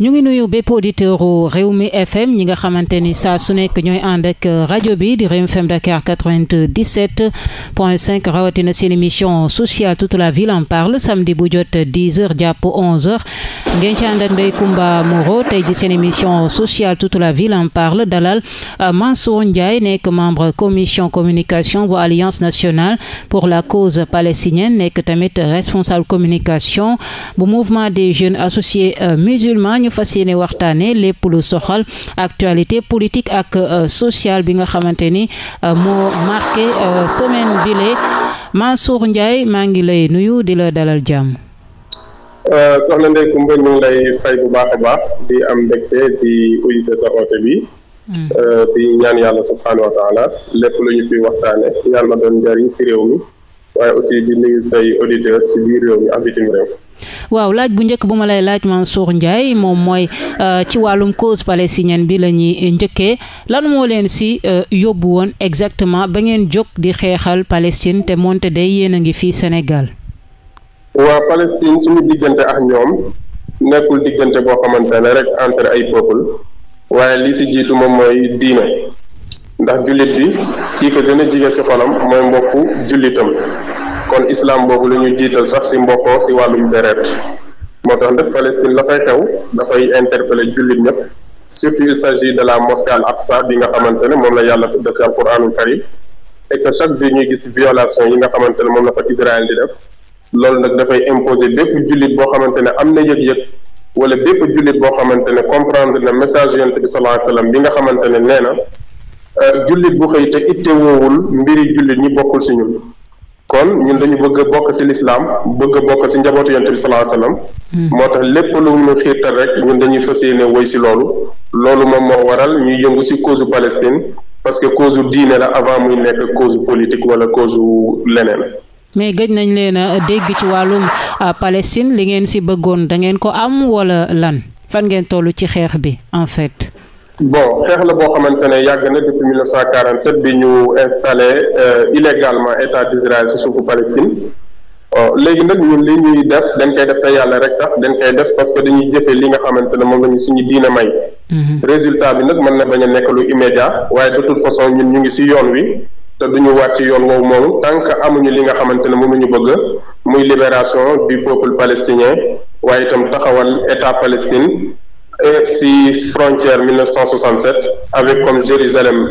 ñu ngi nuyu bépp auditeur u Rewmi FM ñi nga xamante ni saa su nekk ñooy ànd ak rajo bi di Rewmi FM Dakar 97 point 5 rawatina seen émission sociale toute la ville en parle samedi bu jot 10 heures jàpp 11 heures ngeen ci ànd Comba Moreau tey ji seen émission sociale toute la ville en parle dalal Mansour Ndiaye nekk membre commission communication bu Alliance nationale pour la cause palestinienne nekk tamit responsable communication bu mouvement des jeunes associés euh, musulmans ñu fas yéene waxtaane lépp lu soxal actualité politique ak euh, sociale bi nga xamante ni euh, moo marqué euh, semaine bile Mansour Ndiaye maa ngi lay nuyu di la dalal jàmm soxna Ndeye Comba ñu ngi lay fay bu baax a baax di am mbégte di uyu sa oote bi hmm. di ñaan yàlla subhaanahu wa lépp lu ñu fi waxtaane yàlla na doon njariñ si réew mi waaw laaj bu njëkk bu ma lay laaj Mansour njaay moom mooy euh, ci wàllum cause palestinienne bi la ñuy njëkkee lan moo leen si euh, yóbbu woon exactement ba ngeen jóg di xeexal Palestine te moonte day yéen a ngi fii senegal waa Palestine suñu diggante ak ñoom nekkul diggante boo xamante rek entre ay peuple waaye li si jiitu moom mooy diine. ndax jullit bi kii ko gën a jige si xolam mooy mbokku jullitam kon islam boobu la ñuy jiital sax si mbokkoo si wàllum deret moo tax ndef Palestine la fay xew dafay interpeller jullit ñëpp surtout il s'agit de la mosquée al aqsa bi nga xamante ne moom la yàlla tudda si al quranul karim et que chaque jour ñuy gis violation yi nga xamante ne moom na fa Israël di def loolu nag dafay imposer bépp jullit boo xamante ne am na yëg-yëg wala bépp jullit boo xamante ne comprendre na message yonent bi bi nga xamante ne nee na Euh, jullit bu xëy te itte woowul mbiri jullit ñi bokkul si ñun kon ñun dañu bëgg a bokk si lislaam bëgg a bokk si njabootu yonent bi sallallahu alayhi hmm. moo tax lépp lu ñu xiirtal rek ñun dañuy fas yéene woy si loolu loolu moom moo waral ñuy yëngu si cause Palestine parce que cause diine la avant muy nekk cause politique wala cause leneen mais géej nañ leen a dégg ci wàllum euh, Palestine li ngeen si bëggoon da ngeen ko am wala lan fan ngeen tollu ci xeex bi en fait bon xeex la boo xamante ne yàgg na depuis 1947 bi ñu installé euh, illégalement état d'Israël ci suufu Palestine euh, léegi nag ñun li ñuy def dañ koy def te yàlla rek tax dañ koy def parce que dañuy jëfee li nga xamante ne moom la ñu suñu diina may. Mm-hmm. résultat bi nag mën na bañ a nekk lu immédiat waaye de toute façon ñun ñu ngi ci yoon wi te duñu wàcc yoon woowu moomu tant que amuñu li nga xamante ne moom la ñu bëgg muy libération du peuple palestinien waaye itam taxawal état Palestine. et si frontière 1967 avec comme jérusalem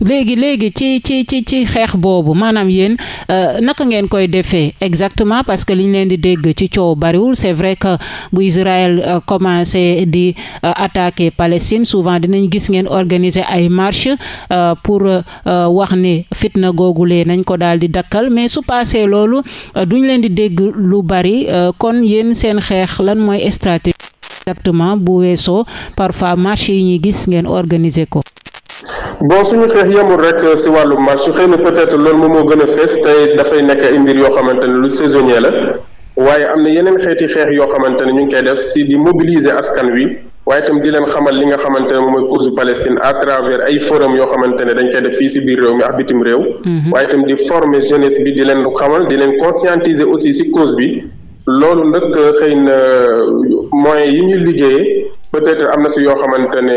léegi léegi ci ci ci ci xeex boobu maanaam yéen euh, naka ngeen koy defee exactement parce que li ñu leen di dégg ci coow bariwul c'est vrai que bu Israël euh, commencé di euh, attaquer Palestine souvent dinañ gis ngeen organiser ay marche pour wax ne fitna googulee nañ ko daal di dakkal mais su paasee loolu duñ leen di dégg lu bari kon yéen seen xeex lan mooy stratégie exactement bu weesoo parfois marché yi ñuy gis ngeen organiser ko bon suñu xeex yemul rek euh, si wàllu marche xëy na peut-être loolu moo gën a fees tey dafay nekk ay mbir yoo xamante ne lu saisonnier la waaye am na yeneen xeeti xeex yoo xamante ne ñu ngi koy def si di mobiliser askan wi waaye itam di leen xamal li nga xamante ne moom mooy cause Palestine à travers ay forum yoo xamante ne dañ koy def fii si biir réew mi ak bitim réew. Mhm. waaye itam di former jeunesse bi di leen xamal di leen conscientiser aussi si cause bi loolu nag xëy na euh, moyens yi ñu liggéeyee. peut am na si yoo xamante ne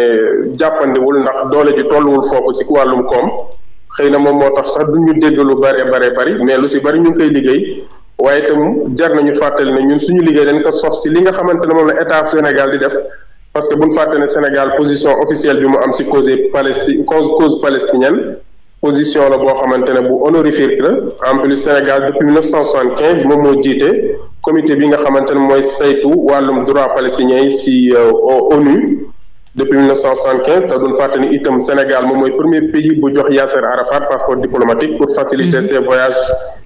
jàppandiwul ndax doole ji tolluwul foofu si wàllum koom xëy na moom moo tax sax du ñu dégg lu bare bare bari mais lu si bari ñu ngi koy liggéey waaye itam jar nañu fàttali ne ñun suñu liggéey dañ ko sof si li nga xamante ne moom la état Sénégal di def parce que bu ñu fàtte ne Sénégal position officielle bi mu am si cause palestine cause palestinienne position la boo xamante ne bu honorifique la en plus Sénégal depuis 1975 moom moo jiite comité bi nga xamante ne mooy saytu wàllum droit palestinien yi si ONU euh, depuis 1975 te duñ fàtte itam Sénégal moom mooy premier pays bu jox Yasser Arafat passeport diplomatique pour faciliter mm-hmm. ses voyages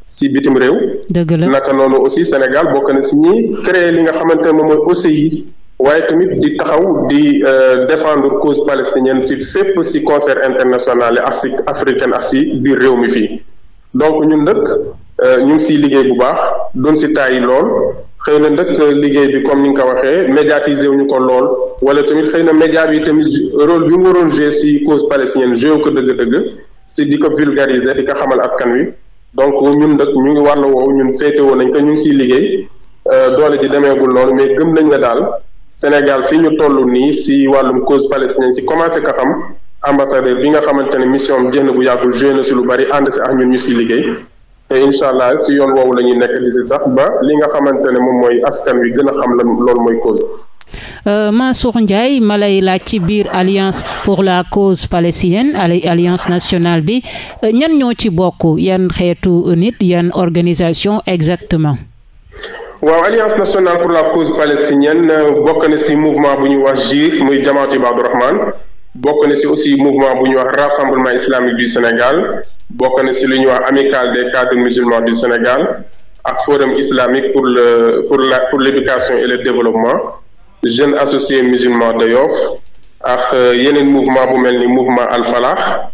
si bitim réew. dëgg naka noonu aussi Sénégal bokk na si ñi créé li nga xamante ne moom mooy OCI waaye tamit di taxaw di euh, défendre cause palestinienne si fépp si concert international et africaine ak si biir réew mi fii donc ñun nag. Euh, ñu ngi siy liggéey bu baax doon si taay lool xëy na nag euh, liggéey bi comme ni nga ko waxee médiatiser wuñu ko lool wala tamit xëy na média bi tamit rôle bi mu waroon joué si cause palestinienne joué ko dëgg-dëgg si di ko vulgariser di ko xamal askan wi donc ñun nag ñu ngi wàll woowu ñun feete woon nañ ko ñu ngi siy liggéey euh, doole ji demeegul lool mais gëm nañ ne daal Sénégal fii ñu toll nii si wàllum cause palestinienne si commencé ko xam ambassadeur bi nga xamante ne mission am bu yàggul joué si lu bari ànd si ak ñun ñu siy liggéey. te incha allah si yoon woowu la nekk li si sax ba li nga xamante ne moom mooy askan wi gën a xam la lool mooy cause. Euh, Mansour Ndiaye ma lay laaj ci biir alliance pour la cause palestinienne alliance nationale bi euh, ñan ñoo ci bokk yan xeetu nit yan organisation exactement. waaw alliance nationale pour la cause palestinienne bokk na mouvement bu ñuy wax JIR muy jamaatu Ibadur Rahman. bokk na si aussi mouvement bu ñuy wax rassemblement islamique du Sénégal bokk na si lu ñuy wax amicale des cadres musulmans du Sénégal ak forum islamique pour le pour la pour l'éducation et le développement jeunes associés musulmans de Yoff ak euh, yeneen mouvement bu mel ni mouvement Al Falah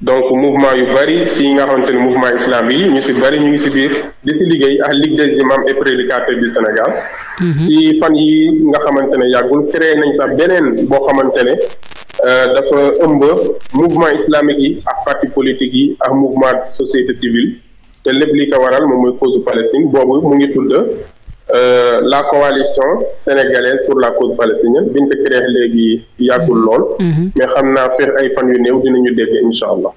donc mouvement yu bëri si nga xamante ni mouvement islam yi ñu si bëri ñu ngi si biir di si liggéey ak ligue des imams et prédicateurs du Sénégal. si mhm. fan yi nga xamante ne yàggul créé nañ sax beneen boo xamante ne. Euh, dafa ëmb mouvement islamique yi ak parti politique yi ak mouvement société civile te lépp li ko waral moom muy cause Palestine boobu mu ngi tudd euh, la coalition sénégalaise pour la cause palestinienne biñ ko créé léegi yàggul lool mm-hmm. mais xam naa feex ay fan yu néew ñu dégg incha allah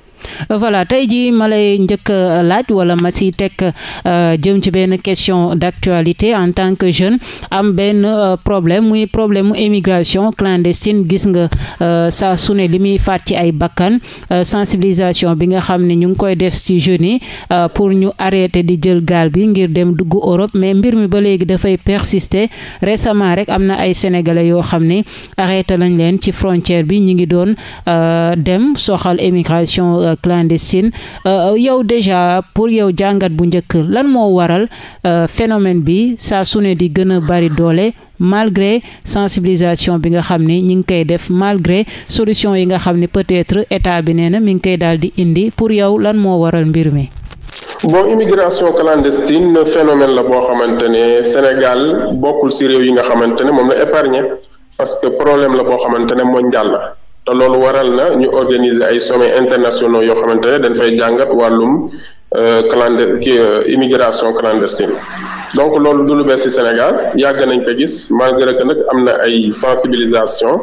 voilà tey jii ma njëkk euh, laaj wala ma si teg euh, jëm ci benn question d'actualité en tant que jeune am benn euh, problème muy problème mu immigration clandestine gis nga saa sune ne muy faat ci ay bakkan sensibilisation bi nga xam ne ñu ngi koy def si jeunes yi pour ñu arrêter di jël gaal bi ngir dem dugg Europe mais mbir mi ba léegi dafay persister récemment rek am na ay sénégalais yoo xam ni arrêté lañ leen ci frontière bi ñu ngi doon dem soxal immigration. Euh, clandestine euh, euh, yow déjà pour yow jàngat bu njëkk lan moo waral phénomène bi saa su ne di gën a bari doole malgré sensibilisation bi nga xam ni ñi ngi koy def malgré solution yi nga xam ni peut-être état bi nee na mi ngi koy daal di indi pour yow lan moo waral mbir mi. bon immigration clandestine phénomène la boo xamante Sénégal bokkul ci yi nga xamante ne moom la épargné parce que problème la boo xamante ne mondial la te loolu waral na ñu organiser ay sommets internationaux yoo xamante ne dañ fay jàngat wàllum euh, clandestin ki euh, immigration clandestine donc loolu du lu bees ci Sénégal yàgg nañ ko gis malgré que nag am na ay sensibilisation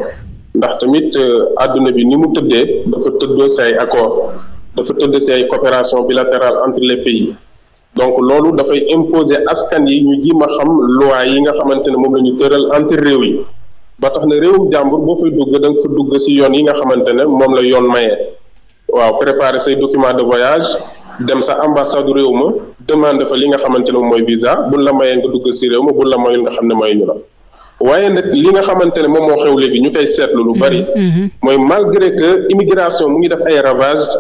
ndax tamit euh, àdduna bi ni mu tëddee dafa tëddoo ci ay accord dafa tëdd ci ay coopération bilatérale entre les pays donc loolu dafay imposer askan yi ñu ji ma xam loi yi nga xamante ne moom la ñu tëral entre réew yi ba tax na réewum jàmbur boo fay dugg da nga fa dugg si yoon yi nga xamante ne moom la yoon mayee waaw préparer say document de voyage dem sa ambassade réew ma demande fa li nga xamante ne mooy visa buñ la mayee dugg si réew ma buñ la mayul nga xam ne mayuñu la waaye nag li nga xamante ne moom moo xew léegi ñu koy seetlu lu bari. Mm-hmm, mm-hmm. mooy malgré que immigration mu ngi def ay ravage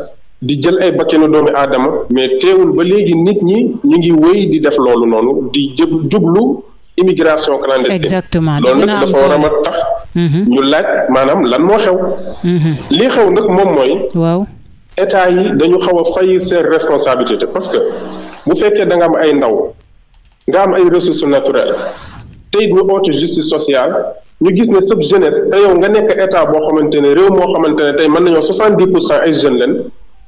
di jël ay bakkanu doomi aadama mais teewul ba léegi nit ñi ñu ngi wéy di def loolu noonu di jëb jublu immigration clandestine. exactement loolu nag dafa war a mat tax. Mhm. ñu laaj maanaam lan moo xew. Mhm. lii xew nag moom mooy. waaw état yi dañu xaw a fay seen responsabilité parce que bu fekkee da nga am ay ndaw nga am ay ressources naturelles tey ñu oote justice sociale. ñu gis ne sëb jeunesse te yow nga nekk état boo xamante ne réew moo xamante ne tey mën nañoo soixante dix pour cent ay jeunes leen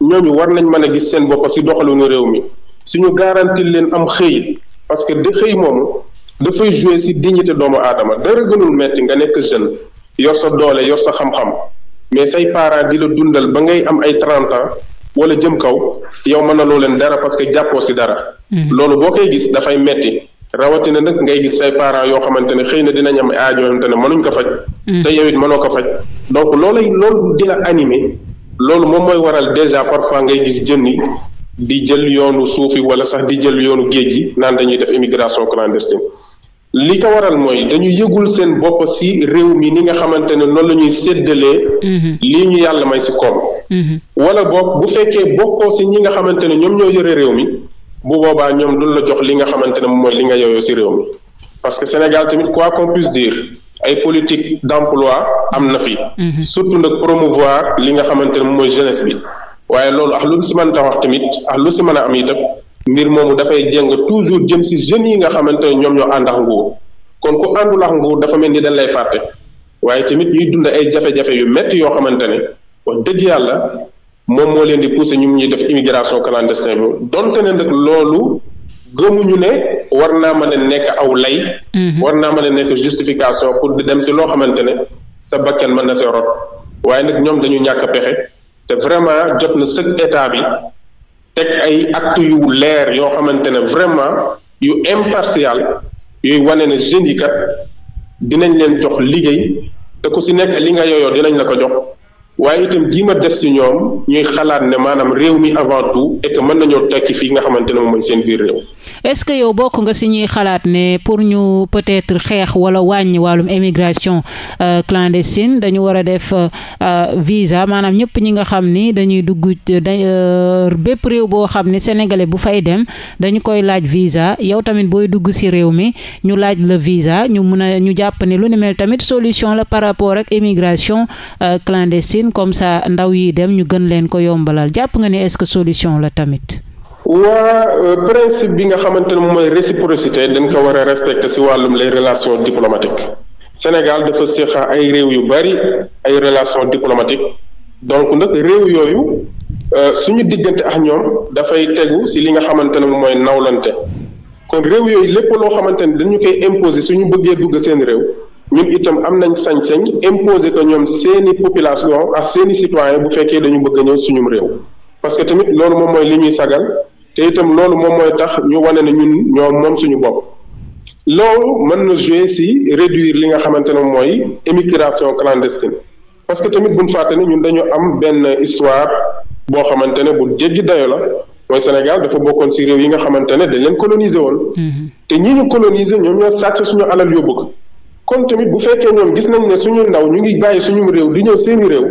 ñooñu war nañ mën a gis seen bopp si doxalinu réew mi suñu garanti leen am xëy parce que de xëy dafay jouer ci dignité doomu aadama dara gënul metti nga nekk jeune yor sa doole yor sa xam-xam mais say parent di la dundal ba ngay am ay trente ans wala jëm kaw yow mën na loo leen dara parce que jàppoo si dara. Mm-hmm. loolu boo koy gis dafay metti rawatina nag ngay gis say parents yoo xamante ne xëy na dinañ am aajo yoo xamante ne mënuñ ko faj. Mm-hmm. te yow it ko faj donc loolay loolu di la animé loolu moom mooy waral déjà parfois ngay gis jën yi di jël yoonu suufi wala sax di jël yoonu géej gi naan dañuy def immigration clandestine li ko waral mooy dañu yëgul seen bopp si réew mi ni nga xamante ne noonu la ñuy séddalee mhm. lii ñu yàlla may si koom mhm. wala boog bu fekkee bokkoo si ñi nga xamante ne ñoom ñoo yore réew mi bu boobaa ñoom duñ la jox li nga xamante ne mooy li nga yooyoo si réew mi parce que Sénégal tamit quoi qu'on puisse dire ay politique d'emploi am na fi mhm. surtout nag promouvoir li nga xamante ne mooy jeunesse bi waaye loolu ax lu si man ta tamit ax lu si mën a am yi itam ngir moomu dafay jëng toujours jëm si jeunes yi nga xamante ne ñoom ñoo ànd ak nguur kon ku àndul ak nguur dafa mel ni dañ lay fàtte waaye tamit ñuy dund ay jafe-jafe yu métti yoo xamante ne wax dëgg yàlla moom moo leen di pousser ñu ñuy def immigration clandestine bi donte ne nag loolu gëmuñu ne war naa mën a nekk aw lay. Mhm. war naa mën a nekk justification pour di dem si loo xamante ne sa bakkan mën na see rot waaye nag ñoom dañu ñàkk pexe. te vraiment jot na sëg état bi teg ay actes yu leer yoo xamante ne vraiment yu impartial yooyu wane ne jeunes yi kat dinañ leen jox liggéey te ku si nekk li nga yooyoo dinañ la ko jox waaye itam jii ma def si ñoom ñuy xalaat ne maanaam réew mi avant tout et que mën nañoo tekki fii nga xamante ne moom mooy seen biir réew. est-ce que yow bokk nga si ñuy xalaat ne pour ñu peut-être xeex wala wàññi wàllum immigration euh, clandestine dañu war a def euh, euh, visa maanaam ñëpp ñi nga xam ni dañuy dugg bépp réew boo xam ne sénégalais bu fay dem dañu koy laaj visa yow tamit booy dugg si réew mi ñu laaj la visa ñu mun a ñu jàpp ni lu ne mel tamit solution la par rapport ak immigration clandestine comme sa ndaw yi dem ñu gën leen ko yombalal jàpp nga ne est-ce que solution la tamit waa euh, principe bi nga xamante ne mooy réciprocité dañ ko war a respecter ci wàllum les relations diplomatiques Sénégal dafa séqa ay réew yu bari ay relations diplomatiques donc nag réew yooyu euh, suñu diggante ak ñoom dafay tegu si li nga xamante ne mooy nawlante kon réew yooyu lépp loo xamante ne dañu koy imposer suñu bëggee dugg seen réew ñun itam am nañ sañ-sañ imposer ko ñoom seeni population ak seeni citoyen bu fekkee dañu bëgg a ñëw suñum réew parce que tamit loolu moom mooy li ñuy sagal. te itam loolu moom mooy tax ñu wane ne ñun ñoo moom suñu bopp loolu mën na jouer si réduire li nga xamante ne mooy émigration clandestine parce que tamit buñ fàtte ni ñun dañu am benn histoire boo xamante ne bu jéggi dayo la mooy Sénégal dafa bokkoon si réew yi nga xamante ne dañ leen coloniser woon mm-hmm. te ñi ñu coloniser ñoom ñoo sàcc suñu alal yóbbu ko kon tamit bu fekkee ñoom gis nañ ne suñu ndaw ñu ngi bàyyi suñu réew di ñëw seeni réew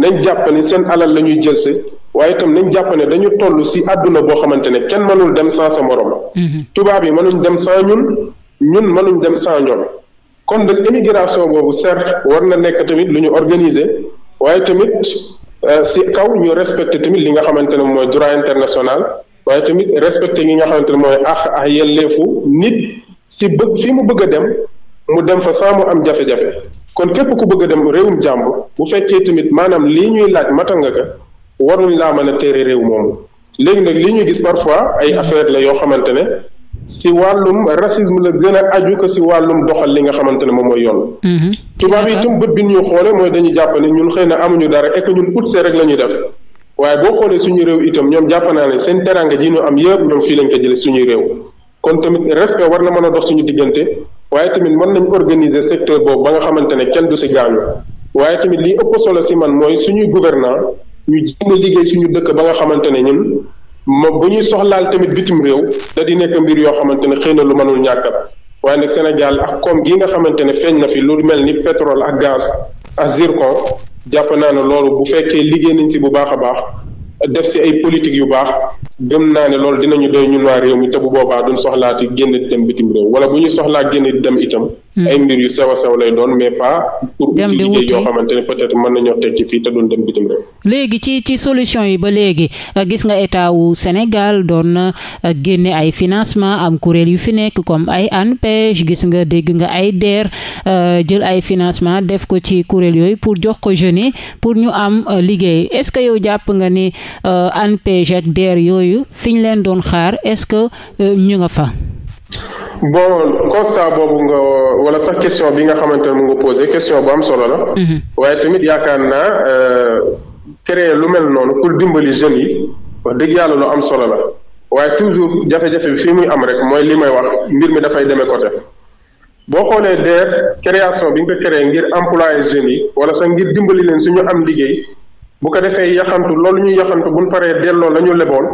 nañ jàpp ni seen alal la ñuy jëlse waaye itam nañ jàpp ne dañu toll si àdduna boo xamante ne kenn mënul dem sans sa moroom mhm. tubaab yi mënuñ dem sans ñun ñun mënuñ dem sans ñoom kon nag immigration boobu certes war na nekk tamit lu ñu organiser waaye tamit euh, si kaw ñu respecté tamit li nga xamante ne mooy droit international waaye tamit respecté li nga xamante ne mooy ax ak yelleefu nit si bëgg fii mu bëgg a dem mu dem fa saa mu am jafe-jafe kon képp ku bëgg a dem réewum jàmbur bu fekkee tamit maanaam lii ñuy laaj matal nga ka waruñ laa mën a téere réew moomu léegi nag li ñu gis parfois ay affaire la yoo xamante ne si wàllum racisme la gën a aju ko si wàllum doxal li nga xamante ne moom mooy yoon. Mm-hmm. tubaab yi itam bët bi ñu xoole mooy dañu jàpp ne ñun xëy na amuñu dara et ñun ut see la ñuy def. waaye boo xoolee suñu réew itam ñoom jàpp naa ne seen teranga ji ñu am yëpp ñoom fii lañ ko jëlee suñuy réew kon tamit respect war na mën a dox suñu diggante waaye tamit mën nañ organiser secteur boobu ba nga xamante ne kenn du si gaañu waaye tamit lii ëpp solo si man mooy suñuy gouvernant ñu jéem liggéey suñu dëkk ba nga xamante ne ñun moom bu ñuy soxlaal tamit bitim réew da di nekk mbir yoo xamante ne xëy na lu manul ñàkk waaye nag Sénégal ak koom gi nga xamante ne feeñ na fi lu mel ni pétrole ak gaz ak zircon jàpp naa ne loolu bu fekkee liggéey nañ si bu baax a baax def si ay politique yu baax gëm naa ne loolu dinañu doy ñun waa réew mi te bu boobaa duñ soxlaati génn di dem bitim réew wala bu ñuy soxlaa génn dem itam Hmm. ay mbir yu sew sew lay doon mais pas. pour uti liggéey yoo xamante ne peut mën nañoo tekki fii te doon dem bitim réew. léegi ci ci solution yi ba léegi euh, gis nga état Sénégal doon na euh, génne ay financement am kuréel yu fi nekk comme ay ANPEJ gis nga dégg nga ay DER euh, jël ay financement def ko ci kuréel yooyu pour jox ko jeunes pour ñu am liggéey est-ce que yow jàpp nga ni ANPEJ ak DER yooyu fi ñu leen doon xaar est-ce que ñu nga fa. bon constat boobu nga wala sax question bi nga xamante ne mu nga posé question bu am solo la. Mhm. waaye tamit yaakaar naa euh, créer lu mel noonu pour dimbali jeunes yi wax dëgg yàlla lu am solo la waaye toujours jafe-jafe bi fii muy am rek mooy li may wax mbir mi dafay demee côté. boo xoolee DER création bi nga ko créé ngir employé jeunes yi wala sax ngir dimbali leen suñu am liggéey bu ko defee yaxantu loolu ñuy yaxantu buñ paree delloo la ñu leboon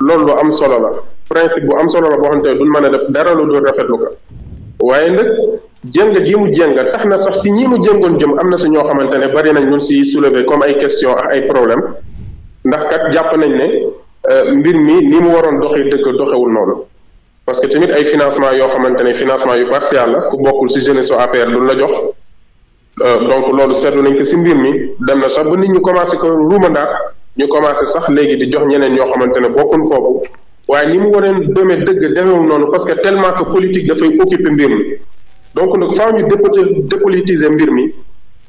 loolu lu am solo la principe bu am solo la boo xam mën a def dara lu dul rafetlu ko waaye nag jéng ji mu jéng tax na sax si ñii mu jëngoon jëm am na si ñoo xamante ne bari nañ ñun si soulever comme ay question ak ay problème ndax kat jàpp nañ ne euh, mbir mi ni mu waroon doxee dëkk doxewul noonu parce que tamit ay financement yoo xamante ne financement yu partial la ku bokkul si jeunesse APR duñ la jox euh, donc loolu seetlu nañ ko si mbir mi dem na sax ba nit ñu commencé ko ruumandaat ñu commencé sax léegi di jox ñeneen ñoo xamante ne bokkul foofu waaye ni mu wareen demee dëgg demewul noonu parce que tellement que politique dafay occuper mbir mi donc nag faaw ñu dépolitiser mbir mi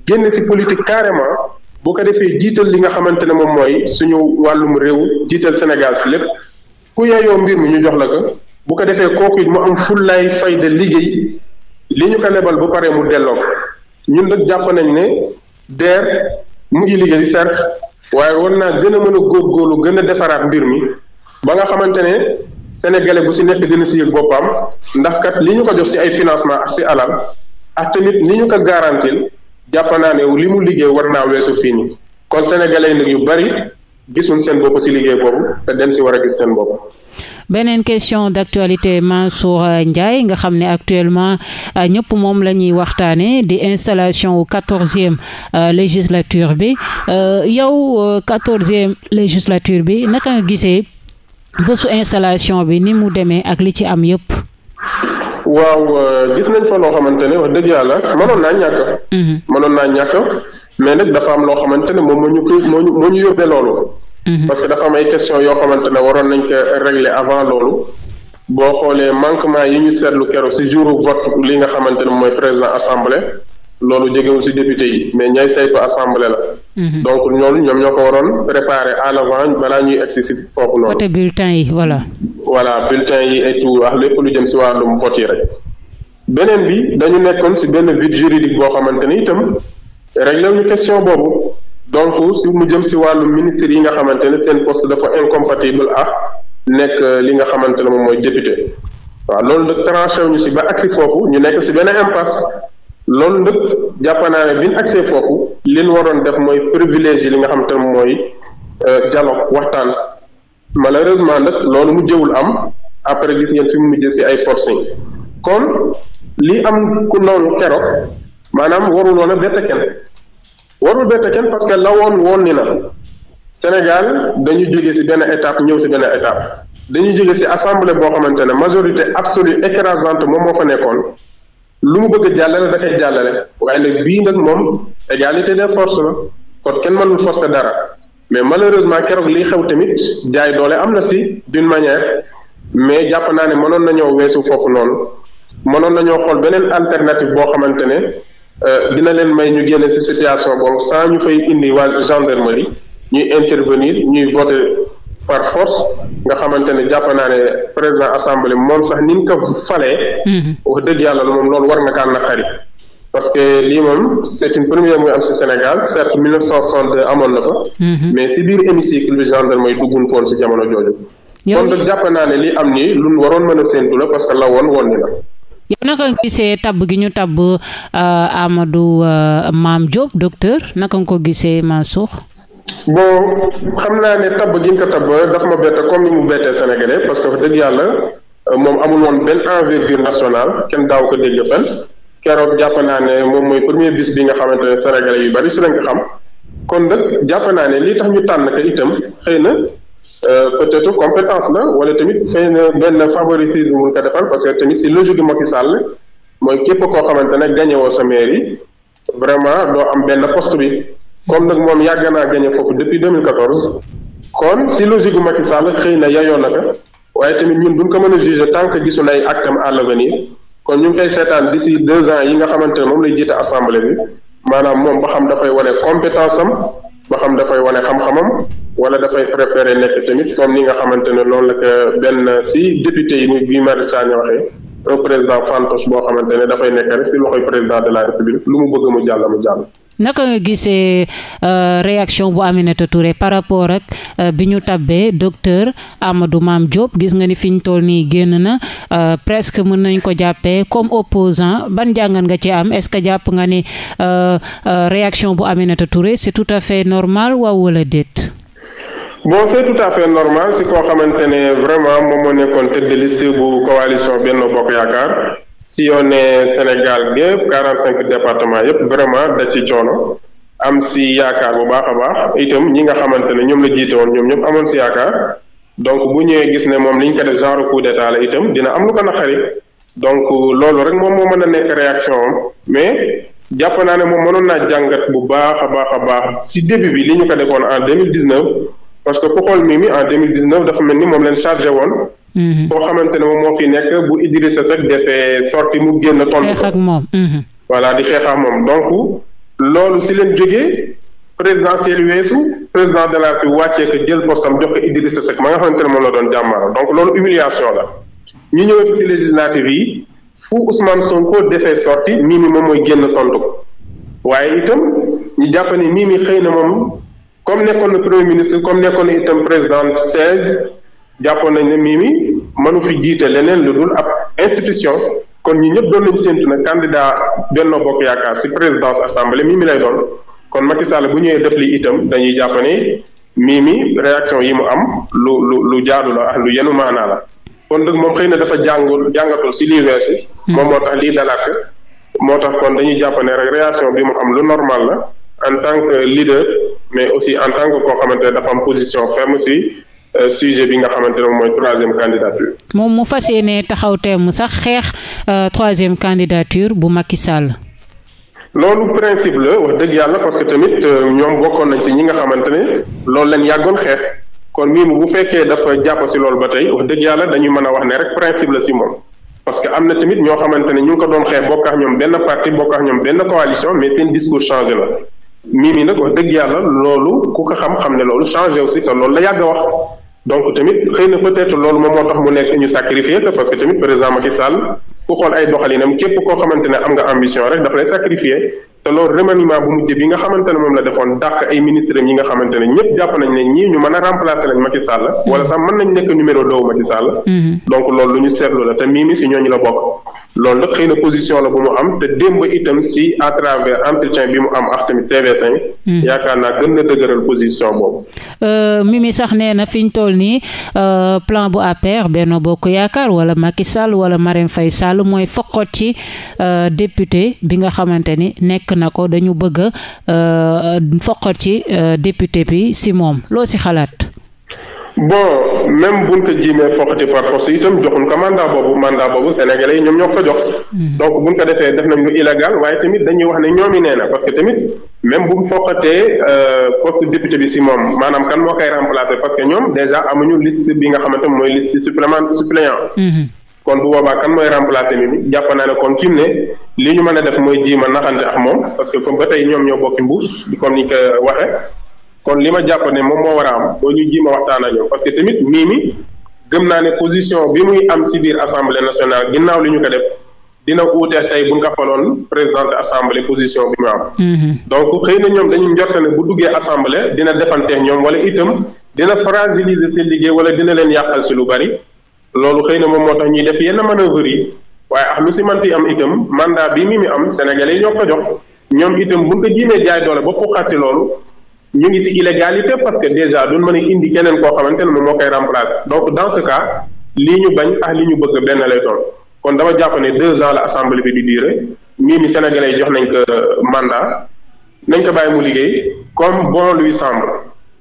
génn ci politique carrément boo ko defee jiital li nga xamante ne moom mooy suñu wàllum réew jiital Sénégal ci lépp ku yeeyoo mbir mi ñu jox la ko bu ko defee kooku it mu am fullaay fayda liggéey li ñu ko lebal ba paree mu delloo ñun nag jàpp nañ ne DER mu ngi liggéey certes waaye war naa gën a mën a lu gën a defaraat mbir mi ba nga xamante ne sénégalais bu si nekk dina si yëg boppam ndax kat li ñu ko jox si ay financement ak si alal ak tamit li ñu ko garantil jàpp naa li mu liggéey war naa weesu fii kon sénégalais nag yu bari gisuñ seen bopp si liggéey boobu te den si war a gis seen bopp. beneen question d'actualité Mansour Ndiaye nga xam ne actuellement euh, ñëpp moom la ñuy waxtaane di installation quatorzième euh, législature bi euh, yow quatorzième législature bi naka nga bésu installation bi ni mu demee ak li ci am yëpp. waaw euh, gis nañ fa loo xamante ne wax dëgg yàlla mënoon naa ñàkk. Mhm. mënoon naa ñàkk mais nag dafa am loo xamante ne moom moo ñu koy moo ñu moo ñu yóbbee loolu. Mhm. parce que dafa am ay question yoo xamante ne waroon nañ ko régler avant loolu. boo xoolee manquement yi ñu seetlu keroog si jouru vote li nga xamante ne mooy président assemblée. loolu jegewul ci député yi mais ñay saytu assemblée la. Mhm. donc ñoom ñoom ñoo ko waroon préparer à l'avant balaa ñuy egsi ci foofu noonu. côté bulletin yi voilà. voilà bulletin yi et ak lépp lu jëm ci wàllum vote yi rek. beneen bi dañu nekkoon ci benn vide juridique boo xamante ni itam réglé ñu question boobu donc ci mu jëm ci wàllum ministre yi nga xamante ne seen poste dafa incompatible ak nekk li nga xamante ne moom mooy député waaw loolu nag tranché ñu ci ba agsi foofu ñu nekk ci benn impasse. loolu lépp jàpp naa ne bi ñu agsee foofu li waroon def mooy privilège li nga xam te ne mooy euh, dialogue waxtaan malheureusement nag loolu mu jëwul am après gis ngeen fi mu mujj si ay forcing kon lii am ku noonu keroog maanaam warul woon a bett kenn warul bett kenn parce que la woon woon ni na Sénégal dañu jóge si benn étape ñëw si benn étape dañu jóge si assemblée boo xamante ne majorité absolue écrasante moom moo fa nekkoon. lu mu bëgg a jàllale da jàllale waaye nag bii nag moom égalité de forces la kon kenn mënul forcer dara mais malheureusement keroog liy xew tamit jaay doole am na si d'une manière mais jàpp naa ne mënoon nañoo weesu foofu noonu mënoon nañoo xool beneen alternative boo xamante ne euh, dina leen may ñu génne si situation boobu sans ñu fay indi waa gendarmerie ñuy intervenir ñuy voter. par force nga xamante ne jàpp naa ne président assemblée moom sax ni nga ko falee. Mhm. wax dëgg yàlla moom loolu war na kaan na xari parce que lii moom c'est une première muy am ci Sénégal certes 1962 amoon na fa. Mhm. mais ci biir hémicycle bi gendarme yi duggun foon ci jamono jooju. kon nag jàpp naa ne li a naka nga gisee tabb gi ñu tabb euh, Amadou euh, Mame Diop docteur naka nga ko gisee Mansour. bon xam naa ne tab gi nga tab tabb daf ma bett comme ni mu bettee Sénégalais parce que wax dëgg yàlla euh, moom amul woon benn envergure nationale kenn daaw ko dégg fenn keroog jàpp naa ne moom mooy premier bis bi nga xamante ne Sénégalais yu bari si lañ ko xam kon nag jàpp naa ne lii tax ñu tànn ko itam xëy na euh, peut-être compétence la wala tamit xëy na benn favoritisme mun ko defal parce que tamit si ma Macky sàll mooy képp koo xamante ne gagné sa mairie vraiment doo am benn poste bi. comme nag moom yàgg naa gagné foofu depuis 2014 kon si logique gu Macky xëy na yayoo na ko waaye tamit ñun duñ ko mën a juger tant que gisul ay actam à l'avenir kon ñu ngi koy seetaan d'ici deux ans yi nga xamante ne moom lay jiite assemblée bi maanaam moom ba xam dafay wane compétence am ba xam dafay wane xam-xamam wala dafay préféré nekk tamit comme ni nga xamante ne loolu la ko benn si député yi muy Guy Marius waxee un président fantoche boo xamante ne dafay nekk rek si loxoy président de la république lu mu bëgg mu jàll mu jàll. naka nga gisee euh, réaction bu Aminata Touré par rapport ak euh, bi ñu tabbee docteur Amadou maam Diop gis nga ni fi ñu toll nii génn na euh, presque mën nañ ko jàppee comme opposant ban jàngat nga ci am est-ce que jàpp nga ni réaction bu Aminata Touré c'est tout à fait normal waaw wala déet. bon c'est tout à fait normal si koo xamante ne vraiment moom moo nekkoon tête de bu coalition Benno Bokk Yaakaar. sillonné Sénégal gépp quarante cinq département yëpp vraiment da ci coono am si yaakaar bu baax a baax itam ñi nga xamante ne ñoom la jiite woon ñoom ñëpp amoon si yaakaar donc bu ñëwee gis ne moom li ñu ko def genre coup d'état la itam dina am lu ko naqari donc loolu rek moom moo mën a nekk réaction am mais jàpp naa ne moom mënoon naa jàngat bu baax a baax a baax si début bi li ñu ko defoon en deux mille dix neuf parce que ku xool Mimi en ni moom leen chargé woon koo mm-hmm. xamante ne moom moo fi nekk bu sa Seck defee sorti mu génn tontu. xeex ak moom. Mm-hmm. voilà di xeex moom donc loolu si leen jógee présidentiel weesu président de la République wàccee ko jël postam jox ko Idrissa Seck ma nga xamante ne moom la doon jàmmaaro donc loolu humiliation la ñu ñëwati si législative yi fu Ousmane Sonko defee sorti mii mi moom mooy génn tontu ko waaye itam ñu jàpp ne mii xëy na moom comme nekkoon na premier ministre comme nekkoon na itam jàppoon nañ ne mii mi mënu fi jiite leneen lu dul ab institution kon ñi ñëpp doon nañ séntu ne candidat Benno Bokk Yaakaar si présidence assemblée mi lay doon kon Macky Sall bu ñëwee def li itam dañuy jàpp ne Mimi réaction yi mu am lu lu lu jaadu la lu yenu maanaa la kon dëgg moom xëy na dafa jàngul jàngatul si lii weesu. Hmm. moom moo tax lii dalaat moo tax kon dañuy jàpp rek réaction bi mu am lu normal la en tant que leader mais aussi en tant que koo xamante ne dafa am position ferme si. Euh, sujet bi nga xamante ne mooy troisième candidature. moom mu fas ne taxaw teem sax xeex euh, troisième candidature bu Macky Sall. loolu principe la wax dëgg yàlla parce que tamit euh, ñoom bokkoon nañ si ñi nga xamante ne loolu leen yàggoon xeex kon miimu bu fekkee dafa jàpp si loolu ba tey wax dëgg yàlla dañuy mën a wax ne rek principe la si moom. parce que am na tamit ñoo xamante ne ñu ngi ko doon xeex bokk ak ñoom benn parti bokk ak ñoom benn coalition mais Mimi nag wax dëgg yàlla loolu ku ko xam-xam ne loolu changé aussi te loolu la yàgg a wax donc tamit xëy na peut-être loolu moom moo tax mu nekk ñu sacrifié te parce que tamit président Macky Sall ku xool ay doxalinam képp koo xamante ne am nga ambition rek daf lay te loolu remaniement bu mujj bi nga xamante ne moom la defoon dàq ay ministres yi nga xamante ne ñëpp jàpp nañ ne ñii ñu mën a remplacer lañ Macky Sall mm-hmm. wala sax mën nañ nekk numéro doowu Macky Sall mm-hmm. donc loolu lu ñu seetlu la te Mimi si ñooñu la bokk loolu nag xëy na position la bu mu am te démb itam si à entretien bi mu am ak tamit TV5 mm-hmm. euh, euh, bu APR Benno Bokk Yaakaar wala Macky Sall wala Marème Faye Sall mooy fokkot ci euh, député bi nga xamante na ko dañu bëgg a euh, foqat ci euh, député bi si moom loo si xalaat. bon même buñ ko jiimee foqati par force itam joxuñ ko mandat boobu mandat boobu sénégalais yi ñoom ñoo ko jox. Hmm. donc buñ ko defee def nañ lu illégal waaye tamit dañuy wax ne ñoom yi nee na parce que tamit même bu mu foqatee euh, poste député bi si moom maanaam kan moo koy remplacer parce que ñoom déjà amuñu liste bi nga xamante mooy liste supplément suppléant. Hmm. kon bu boobaa kan mooy remplacer Mimi jàpp naa ne kon kim ne li ñu mën a def mooy jiima naxante ak moom parce que comme ba tey ñoom ñoo bokki mbuus comme ni ko waxe kon li ma jàpp ne moom moo war a am boo ñu jiima waxtaan ak ñoom parce que tamit Mimi gëm naa ne position bi muy am si biir assemblée nationale ginnaaw li ñu ko def dina uutee tey bu nga faloon présidente assemblée position bi mu am. Mm-hmm. donc xëy na ñoom dañu njort ne bu duggee assemblée dina defanteek ñoom wala itam dina fragiliser liggéey wala dina leen yàqal si lu bari. loolu xëy na moom moo tax ñuy def yenn a yi waaye ax lu si manti am itam mandat bi mi mi am Sénégalais yi ñoo ko jox ñoom itam buñ ko jiimee jaay doole ba fuxaati loolu ñu ngi si illégalité parce que déjà duñ mën a indi keneen koo xamante ne moom moo koy remplacer donc dans ce cas lii ñu bañ ak li ñu bëgg benn lay doon kon dama jàpp ne deux ans la assemblée bi di diire mii mi Sénégalais yi jox nañ ko euh, mandat nañ ko bàyyi mu liggéey comme bon lui semble